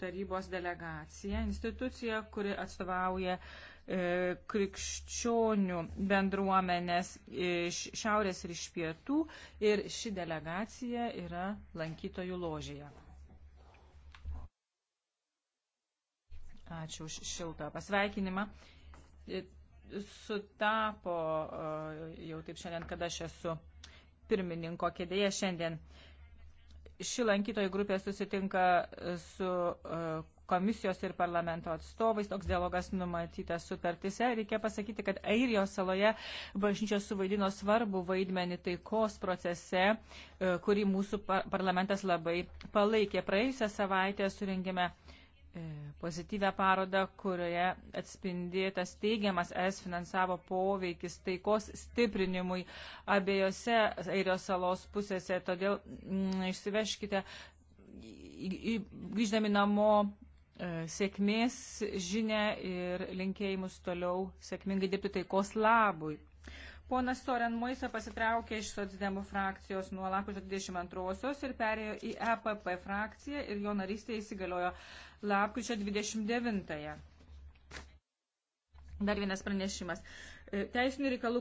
tarybos delegacija, institucija, kuri atstovauja e, krikščionių bendruomenės iš šiaurės ir iš pietų ir ši delegacija yra lankytojų ložėje. Ačiū už šiltą pasveikinimą. E, sutapo e, jau taip šiandien, kada aš esu pirmininko kėdėje šiandien. E, ši lankytojų grupė susitinka e, su e, komisijos ir parlamento atstovais. Toks dialogas numatytas sutartise. Reikia pasakyti, kad Airijos saloje bažnyčios suvaidino svarbu vaidmenį taikos procese, e, kurį mūsų parlamentas labai palaikė. Praėjusią savaitę surengėme uh, E, pozityvę parodą, kurioje atspindėtas teigiamas es finansavo poveikis taikos stiprinimui abiejose Airijos salos pusėse. Todėl m, mm, išsiveškite, grįždami namo, e, sėkmės žinę ir linkėjimus toliau sėkmingai dirbti taikos labui. Ponas Soren Moisa pasitraukė iš socdemų frakcijos nuo lapkričio 22-osios ir perėjo į EPP frakciją ir jo narystė įsigaliojo lapkričio 29-ąją. Dar vienas pranešimas. E, Teisinių reikalų